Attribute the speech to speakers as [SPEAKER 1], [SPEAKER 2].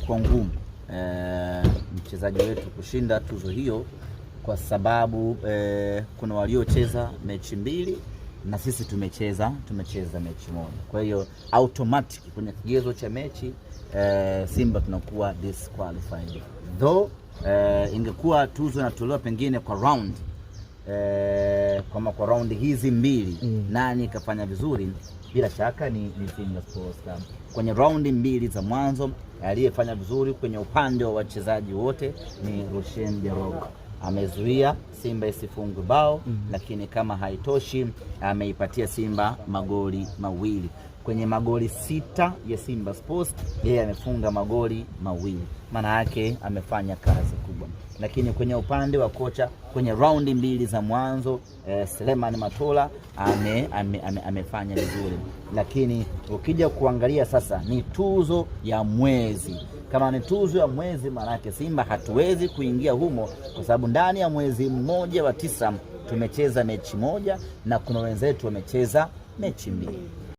[SPEAKER 1] Kwa ngumu e, eh, mchezaji wetu kushinda tuzo hiyo kwa sababu e, kuna waliocheza mechi mbili na sisi tumecheza tumecheza mechi moja, kwa hiyo automatic kwenye kigezo cha mechi e, Simba tunakuwa disqualified though e, ingekuwa tuzo inatolewa pengine kwa round eh, kama kwa raundi hizi mbili mm. nani kafanya vizuri? Bila shaka ni, ni Simba Sports Club. Kwenye raundi mbili za mwanzo aliyefanya vizuri kwenye upande wa wachezaji wote ni Rushen Jarogo amezuia Simba isifungwe bao mm -hmm. Lakini kama haitoshi ameipatia Simba magoli mawili kwenye magoli sita ya Simba Sports yeye amefunga magoli mawili, maana yake amefanya kazi kubwa. Lakini kwenye upande wa kocha kwenye raundi mbili za mwanzo eh, Seleman Matola ame, ame, ame, amefanya vizuri, lakini ukija kuangalia sasa ni tuzo ya mwezi. Kama ni tuzo ya mwezi, maana yake Simba hatuwezi kuingia humo, kwa sababu ndani ya mwezi mmoja wa tisa tumecheza mechi moja na kuna wenzetu wamecheza mechi mbili.